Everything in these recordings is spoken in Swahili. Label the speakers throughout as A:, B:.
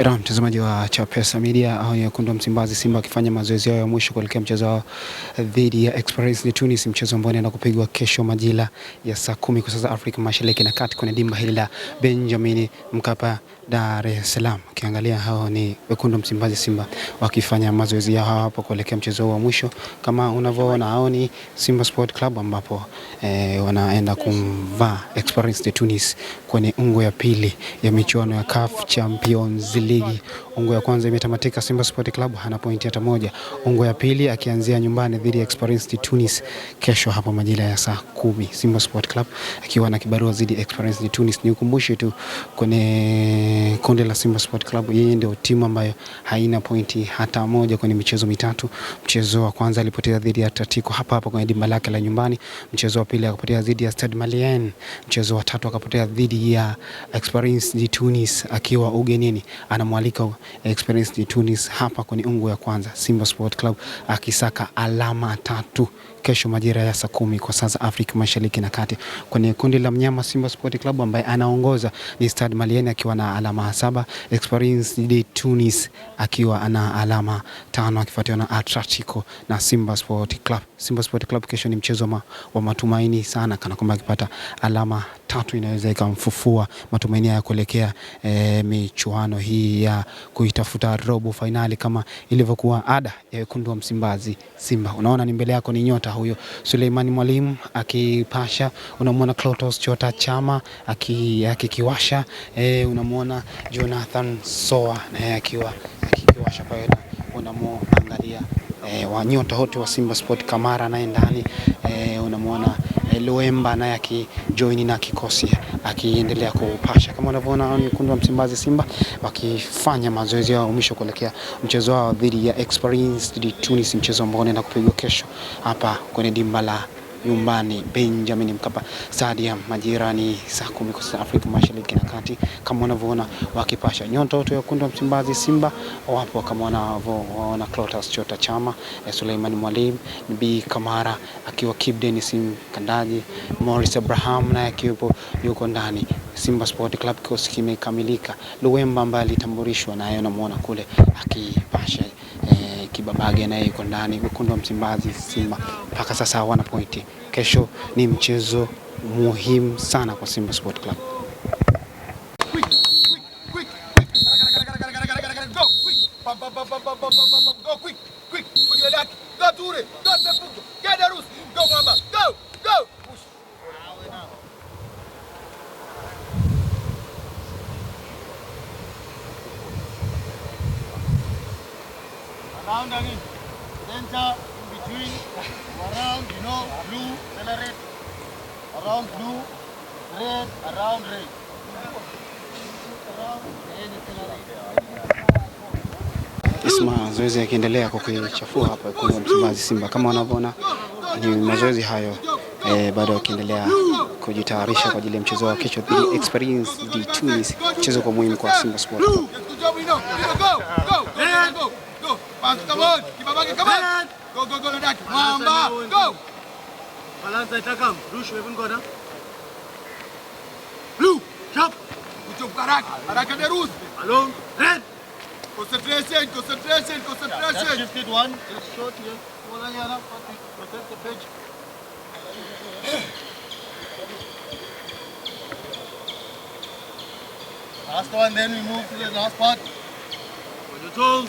A: Era mtazamaji wa Chapesa Media, au nyekundu wa Msimbazi Simba akifanya mazoezi yao ya mwisho kuelekea mchezo wao dhidi ya Esperance de Tunis, mchezo ambao unaenda kupigwa kesho majira ya saa kumi kwa sasa Afrika Mashariki na Kati kwenye dimba hili la Benjamin Mkapa, Dar es Salaam. Ukiangalia hao ni wekundu Msimbazi Simba wakifanya mazoezi yao hapo kuelekea mchezo wao wa mwisho. Kama unavyoona hao ni Simba Sport Club ambapo e, wanaenda kumvaa Esperance de Tunis kwenye ungo ya pili ya michuano ya CAF Champions League. ligue Ungo ya kwanza imetamatika Simba Sport Club hana pointi hata moja. Ungo ya pili akianzia nyumbani dhidi ya Esperance de Tunis kesho hapo majira ya saa kumi. Simba Sport Club akiwa na kibarua dhidi ya Esperance de Tunis. Nikukumbushe tu kwenye kundi la Simba Sport Club, yeye ndio timu ambayo haina pointi hata moja kwenye michezo mitatu. Mchezo wa kwanza alipoteza dhidi ya Tatiko hapa hapa kwenye dimba lake la nyumbani. Mchezo wa pili akapotea dhidi ya Stade Malien. Mchezo wa tatu akapotea dhidi ya Esperance de Tunis akiwa ugenini anamwalika Experience de Tunis hapa kwenye ungo ya kwanza, Simba Sport Club akisaka alama tatu kesho majira ya saa kumi kwa saa za Afrika Mashariki na Kati. Kwenye kundi la mnyama Simba Sport Club ambaye anaongoza ni Stade Malien akiwa na alama saba, Experience de Tunis akiwa ana alama tano akifuatiwa na Atletico na Simba Sport Club. Simba Sport Club kesho ni mchezo ma, wa matumaini sana, kana kwamba akipata alama tatu inaweza ikamfufua matumaini ya kuelekea e, michuano hii ya kuitafuta robo fainali kama ilivyokuwa ada ya wekundu wa Msimbazi Simba. Unaona, ni mbele yako ni nyota huyo Suleimani Mwalimu akipasha, unamwona Clotos Chota Chama akikiwasha, e, unamwona Jonathan Soa naye eh, akiwa akikiwasha. Kwa hiyo unamwangalia e, eh, wanyota wote wa Simba Sport, Kamara naye ndani e, unamwona Luemba naye akijoini na kikosi akiendelea kupasha. Kama unavyoona nyekundu wa Msimbazi Simba wakifanya mazoezi yao mwisho kuelekea mchezo wao dhidi ya Experience de Tunis, mchezo ambao unaenda kupigwa kesho hapa kwenye dimba la nyumbani Benjamin Mkapa Stadia majirani saa kumi kwa Afrika Mashariki na Kati, kama unavyoona wakipasha nyota wote wekundu wa Msimbazi Simba wapo, kama wanavyoona Clotas Chota Chama, eh, Suleiman Mwalim, Nabii Kamara akiwa Kip Sim Kandaji, Morris Abraham naye akiwepo yuko ndani. Simba Sport Club kikosi kimekamilika. Luwemba ambaye alitambulishwa naye, unamwona kule akipasha eh, Kibabage naye yuko ndani. Wekundu wa Msimbazi Simba mpaka sasa hawana pointi. Kesho ni mchezo muhimu sana kwa Simba Sport Club. round and in. Center, in between, around, you know, blue, then red. Around blue, red, around red. zoezi yakiendelea kwa kuichafua hapa kwa Msimbazi Simba, kama wanavyoona ni mazoezi hayo e, bado yakiendelea kujitayarisha kwa ajili ya mchezo wa kesho Experience de Tunis, mchezo kwa muhimu kwa Simba Sport. Baki, come on. Kibabaki, come on. Go, go, go, Nadaki. Mwamba, go. Balanza itakam. Rush, wewe ngoda. Blue, sharp. Kuchop haraka. Haraka deruzi. red. Concentration, concentration, concentration. Yeah, that's one. It's short here. protect the pitch. Last one, then we move to the last part. On your toes.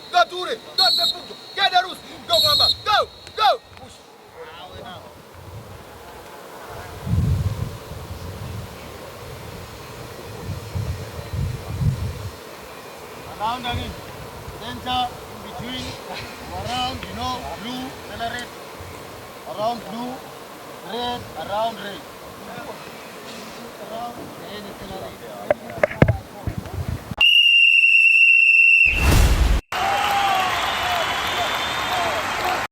A: Go to it. Go to Get the roots. Go, Mamba. Go. Go. Push. Around again. Center, in between, around, you know, blue, then red. Around blue, red, around red.